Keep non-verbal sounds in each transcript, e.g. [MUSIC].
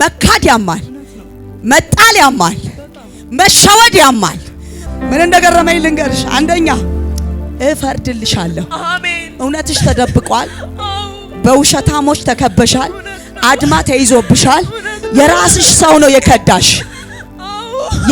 መካድ ያማል፣ መጣል ያማል፣ መሸወድ ያማል። ምን እንደገረመኝ ልንገርሽ። አንደኛ እፈርድልሻለሁ። እውነትሽ ተደብቋል። በውሸታሞች ተከበሻል። አድማ ተይዞብሻል። የራስሽ ሰው ነው የከዳሽ።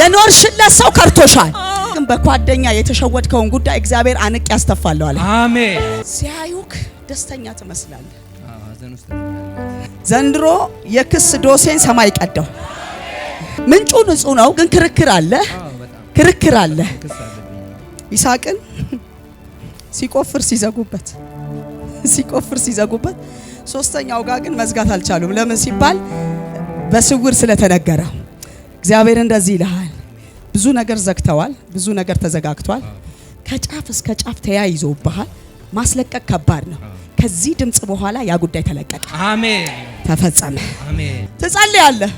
የኖርሽለት ሰው ከርቶሻል። ግን በጓደኛ የተሸወድከውን ጉዳይ እግዚአብሔር አንቅ ያስተፋለዋል። አሜን። ሲያዩክ ደስተኛ ትመስላለህ። ዘንድሮ የክስ ዶሴን ሰማይ ቀደው። ምንጩ ንጹህ ነው፣ ግን ክርክር አለ፣ ክርክር አለ። ይስሐቅን ሲቆፍር ሲዘጉበት፣ ሲቆፍር ሲዘጉበት፣ ሶስተኛው ጋር ግን መዝጋት አልቻሉም። ለምን ሲባል በስውር ስለተነገረው። እግዚአብሔር እንደዚህ ይልሃል፣ ብዙ ነገር ዘግተዋል፣ ብዙ ነገር ተዘጋግቷል። ከጫፍ እስከ ጫፍ ተያይዞብሃል። ማስለቀቅ ከባድ ነው። ከዚህ ድምፅ በኋላ ያ ጉዳይ ተለቀቀ። አሜን። ተፈጸመ። ትጸልያለህ፣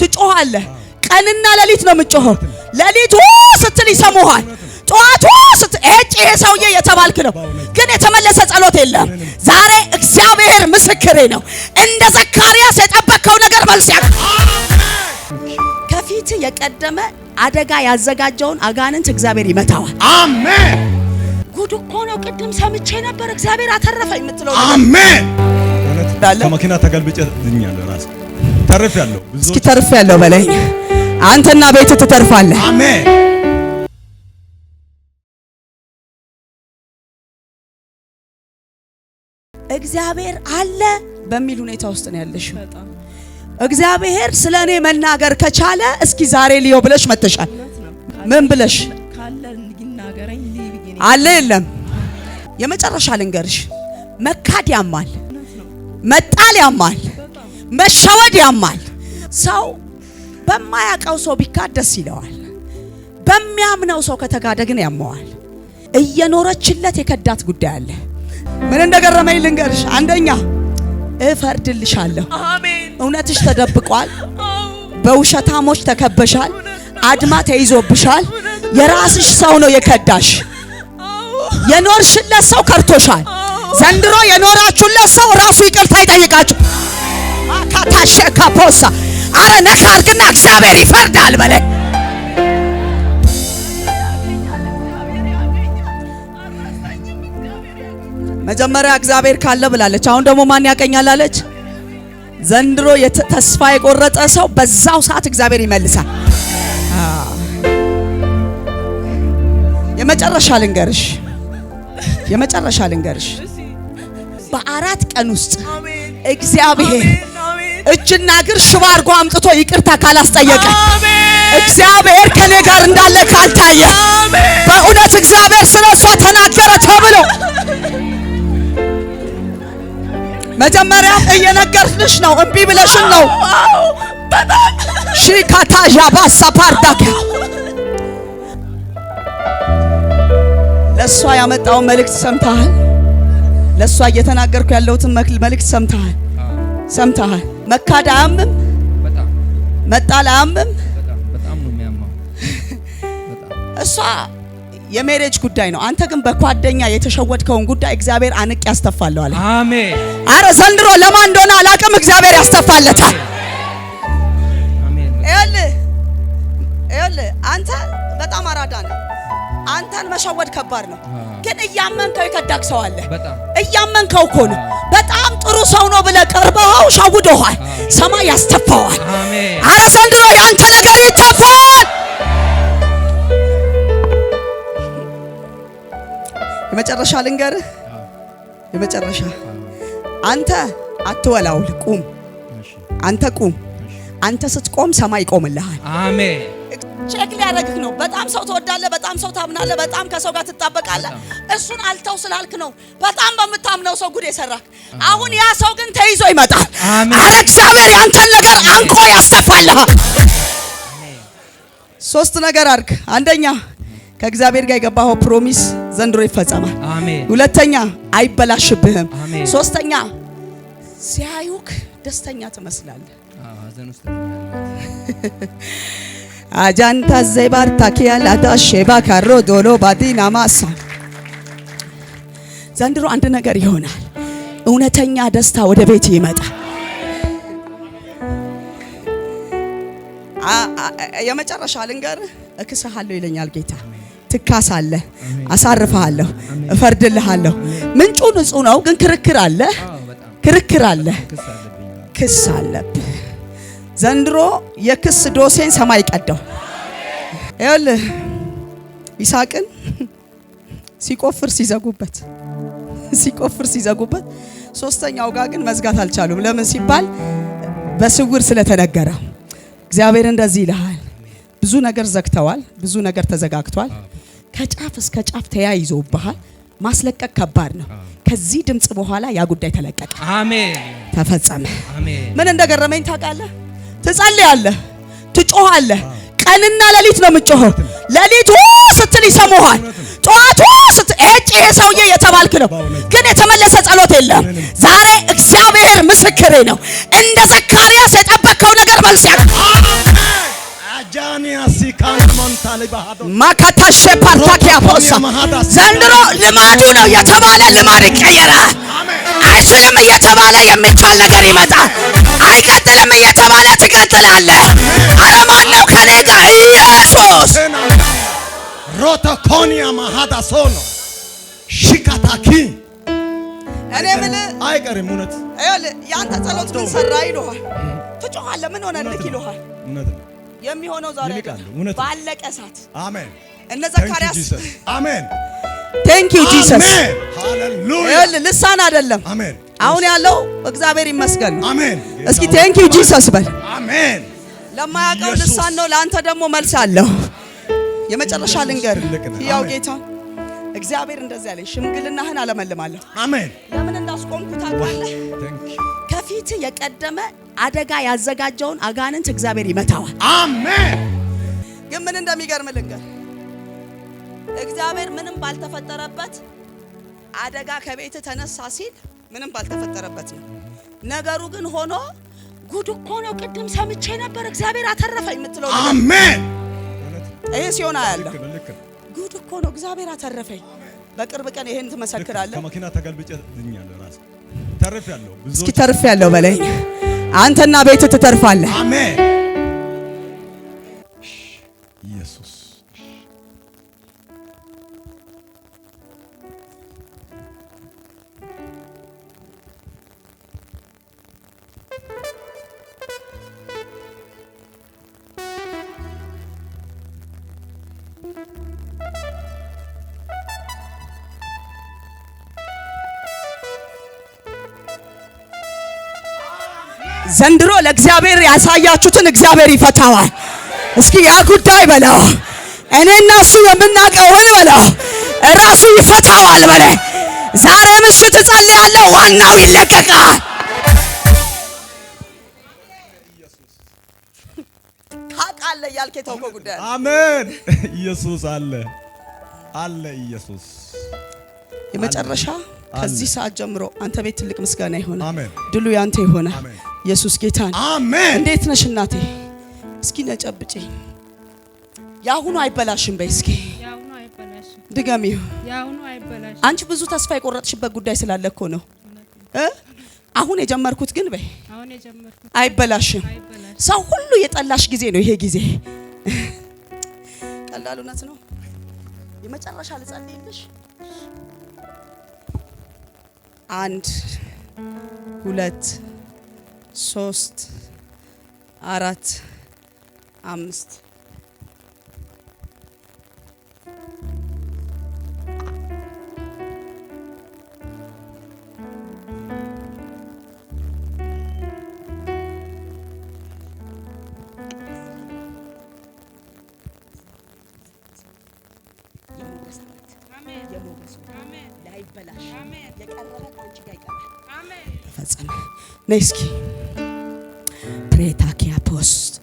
ትጮሃለህ። ቀንና ሌሊት ነው የምጮኸው። ሌሊቱ ስትል ይሰሙሃል። ጠዋቱ ስትል ይሄ ሰውዬ የተባልክ ነው፣ ግን የተመለሰ ጸሎት የለም። ዛሬ እግዚአብሔር ምስክሬ ነው። እንደ ዘካርያስ የጠበቅከው ነገር መልስ ያ ከፊት የቀደመ አደጋ ያዘጋጀውን አጋንንት እግዚአብሔር ይመታዋል። አሜን። ጉድ እኮ ነው። ቅድም ሰምቼ ነበር እግዚአብሔር አተረፈ የምትለው አሜን እንዳለ ከመኪና ተገልብጬ ድኛለሁ። ራስ ተርፌያለሁ። እስኪ ተርፌያለሁ በለኝ። አንተና ቤት ትተርፋለህ። አሜን። እግዚአብሔር አለ በሚል ሁኔታ ውስጥ ነው ያለሽው። እግዚአብሔር ስለ እኔ መናገር ከቻለ እስኪ ዛሬ ልየው ብለሽ መተሻል። ምን ብለሽ አለ የለም። የመጨረሻ ልንገርሽ፣ መካድ ያማል። መጣል ያማል፣ መሸወድ ያማል። ሰው በማያውቀው ሰው ቢካድ ደስ ይለዋል። በሚያምነው ሰው ከተጋደ ግን ያመዋል። እየኖረችለት የከዳት ጉዳይ አለ። ምን እንደገረመኝ ልንገርሽ። አንደኛ እፈርድልሻለሁ። እውነትሽ ተደብቋል። በውሸታሞች ተከበሻል። አድማ ተይዞብሻል። የራስሽ ሰው ነው የከዳሽ። የኖርሽለት ሰው ከርቶሻል። ዘንድሮ የኖራችሁለት ሰው ራሱ ይቅርታ ይጠይቃችሁ። አካታሸካ ፖሳ አረ ነካ አርግና እግዚአብሔር ይፈርዳል በለ መጀመሪያ እግዚአብሔር ካለ ብላለች። አሁን ደግሞ ማን ያቀኛል አለች። ዘንድሮ ተስፋ የቆረጠ ሰው በዛው ሰዓት እግዚአብሔር ይመልሳል። የመጨረሻ ልንገርሽ የመጨረሻ ልንገርሽ በአራት ቀን ውስጥ እግዚአብሔር እጅና እግር ሽባ አድርጎ አምጥቶ ይቅርታ ካላስጠየቀ እግዚአብሔር ከኔ ጋር እንዳለ ካልታየ በእውነት እግዚአብሔር ስለ እሷ ተናገረ ተብሎ መጀመሪያም እየነገርንሽ ነው፣ እምቢ ብለሽን ነው። ሺካታዣባሳ ፓርዳኪያ ለእሷ ያመጣውን መልእክት ሰምተሃል። ለእሷ እየተናገርኩ ያለሁትን መልእክት ሰምተሃል ሰምተሃል። መካድ አያምም፣ መጣል አያምም። እሷ የሜሬጅ ጉዳይ ነው። አንተ ግን በጓደኛ የተሸወድከውን ጉዳይ እግዚአብሔር አንቅ አለ። አሜን። አረ ዘንድሮ ለማን እንደሆነ አላቅም፣ እግዚአብሔር ያስተፋለታል። አሜን። አንተ በጣም አራዳ ነህ። አንተን መሸወድ ከባድ ነው፣ ግን እያመንከው ይከዳክ ሰው አለ። እያመንከው እኮ ነው። በጣም ጥሩ ሰው ነው ብለህ ቀርበው ሸውዶሃል። ሰማይ ያስተፋዋል። አረ ዘንድሮ ያንተ ነገር ይተፋል። የመጨረሻ ልንገር፣ የመጨረሻ አንተ አትወላውል፣ ቁም። አንተ ቁም። አንተ ስትቆም ሰማይ ይቆምልሃል። አሜን። ቼክ ሊያደርግህ ነው። በጣም ሰው ትወዳለህ፣ በጣም ሰው ታምናለህ፣ በጣም ከሰው ጋር ትጣበቃለህ። እሱን አልተው ስላልክ ነው በጣም በምታምነው ሰው ጉድ የሰራክ። አሁን ያ ሰው ግን ተይዞ ይመጣል። አረ እግዚአብሔር ያንተን ነገር አንቆ ያስተፋልሃል። ሶስት ነገር አርግ አንደኛ ከእግዚአብሔር ጋር የገባኸው ፕሮሚስ ዘንድሮ ይፈጸማል። ሁለተኛ አይበላሽብህም። ሶስተኛ ሲያዩክ ደስተኛ ትመስላለህ። [LAUGHS] አጃንታ ዘባር ታኪያ ላታ ሼባ ካሮ ዶሎ ባዲና ማሳ ዘንድሮ አንድ ነገር ይሆናል። እውነተኛ ደስታ ወደ ቤት ይመጣል። የመጨረሻ ልንገር፣ እክስሃለሁ ይለኛል ጌታ። ትካሳለህ፣ አሳርፍሃለሁ፣ እፈርድልሃለሁ። ምንጩ ንጹህ ነው፣ ግን ክርክር አለ፣ ክርክር አለ፣ ክስ አለብህ። ዘንድሮ የክስ ዶሴን ሰማይ ቀደው። ይኸውልህ ይስሐቅን ሲቆፍር ሲዘጉበት ሲቆፍር ሲዘጉበት፣ ሶስተኛው ጋር ግን መዝጋት አልቻሉም። ለምን ሲባል በስውር ስለተነገረ። እግዚአብሔር እንደዚህ ይልሃል፣ ብዙ ነገር ዘግተዋል፣ ብዙ ነገር ተዘጋግቷል። ከጫፍ እስከ ጫፍ ተያይዞብሃል። ማስለቀቅ ከባድ ነው። ከዚህ ድምፅ በኋላ ያ ጉዳይ ተለቀቀ። አሜን፣ ተፈጸመ። ምን እንደገረመኝ ታውቃለህ? ትጸልያለህ፣ ትጮሃለህ። ቀንና ሌሊት ነው የምትጮኸው። ሌሊት ስትል ይሰሙሃል። ጠዋት ስትል እጭ ይሄ ሰውዬ የተባልክ ነው፣ ግን የተመለሰ ጸሎት የለም። ዛሬ እግዚአብሔር ምስክሬ ነው። እንደ ዘካርያስ የጠበቅከው ነገር መልስ ያቅ ማካታ ፖሳ ዘንድሮ ልማዱ ነው የተባለ ልማድ ይቀየራል። አይችልም እየተባለ የሚቻል ነገር ይመጣል። አልቀጥልም እየተባለ ትቀጥላለ አለማለው ከኔ ጋር ኢየሱስ ሮቶኮኒያ ማሃዳ ነው ሽካታኪ እኔ የምልህ አይቀርም። እውነት ጸሎት ምን ሰራ ይልሃል። ምን ይልሃል። የሚሆነው ዛሬ ባለቀ ሰዓት አሜን። እነ ዘካርያስ አሜን። ቴንክ ዩ ጂሰስ ሃሌሉያ። ልሳን አይደለም አሜን አሁን ያለው እግዚአብሔር ይመስገን አሜን። እስኪ ቴንክ ዩ ጂሰስ በል። አሜን። ለማያውቀው ልሳን ነው። ለአንተ ደግሞ መልስ አለው። የመጨረሻ ልንገር፣ ያው ጌታ እግዚአብሔር እንደዚህ ያለኝ ሽምግልናህን አለመልማለሁ። አሜን። ለምን እንዳስቆምኩ ታውቃለህ? ከፊት የቀደመ አደጋ ያዘጋጀውን አጋንንት እግዚአብሔር ይመታዋል። አሜን። ግን ምን እንደሚገርም ልንገር፣ እግዚአብሔር ምንም ባልተፈጠረበት አደጋ ከቤት ተነሳ ሲል ምንም ባልተፈጠረበት ነው። ነገሩ ግን ሆኖ ጉድ እኮ ነው። ቅድም ሰምቼ ነበር እግዚአብሔር አተረፈ የምትለው አሜን። ይህ ሲሆን አያለሁ። ጉድ እኮ ነው። እግዚአብሔር አተረፈኝ። በቅርብ ቀን ይህን ትመሰክራለህ። ከመኪና ተገልብጬ ድኛለሁ። ራስ ተርፍ ብዙ እስኪ ተርፍ ተርፌያለሁ በለኝ። አንተና ቤት ትተርፋለህ። አሜን ዘንድሮ ለእግዚአብሔር ያሳያችሁትን እግዚአብሔር ይፈታዋል። እስኪ ያ ጉዳይ በለው እኔ እና እሱ የምናውቀውን በለው እራሱ ይፈታዋል በለ ዛሬ ምሽት እጸልያለሁ፣ ዋናው ይለቀቃል። ታቃለ ያልከ ተውቆ ጉዳይ አሜን። ኢየሱስ አለ አለ ኢየሱስ የመጨረሻ ከዚህ ሰዓት ጀምሮ አንተ ቤት ትልቅ ምስጋና ይሆናል። ድሉ ያንተ ይሆናል። ኢየሱስ ጌታ ነው። አሜን። እንዴት ነሽ እናቴ? እስኪ ነጨብጪ። የአሁኑ አይበላሽም በይ እስኪ ድገሚው። አንቺ ብዙ ተስፋ የቆረጥሽበት ጉዳይ ስላለ እኮ ነው። አሁን የጀመርኩት ግን በይ አይበላሽም። ሰው ሁሉ የጠላሽ ጊዜ ነው ይሄ ጊዜ። ቀላል እውነት ነው። የመጨረሻ ልጸልይልሽ። አንድ ሁለት ሶስት አራት አምስት ተፈጸመ ነይ እስኪ ሶስት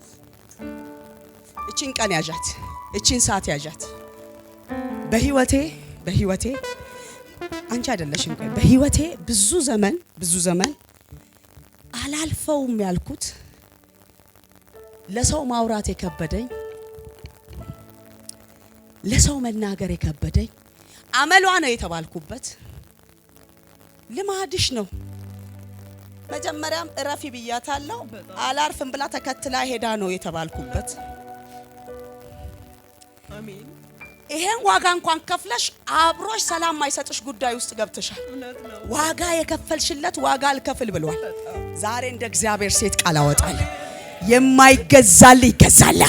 እቺን ቀን ያዣት፣ እቺን ሰዓት ያዣት። በህይወቴ በህይወቴ አንቺ አይደለሽም ቆይ በህይወቴ ብዙ ዘመን ብዙ ዘመን አላልፈውም ያልኩት ለሰው ማውራት የከበደኝ ለሰው መናገር የከበደኝ አመሏ ነው የተባልኩበት ልማድሽ ነው መጀመሪያም እረፊ ብያታለሁ። አላርፍም ብላ ተከትላ ሄዳ ነው የተባልኩበት። ይሄን ዋጋ እንኳን ከፍለሽ አብሮሽ ሰላም ማይሰጥሽ ጉዳይ ውስጥ ገብተሻል። ዋጋ የከፈልሽለት ዋጋ አልከፍል ብሏል። ዛሬ እንደ እግዚአብሔር ሴት ቃል አወጣለሁ። የማይገዛል ይገዛል።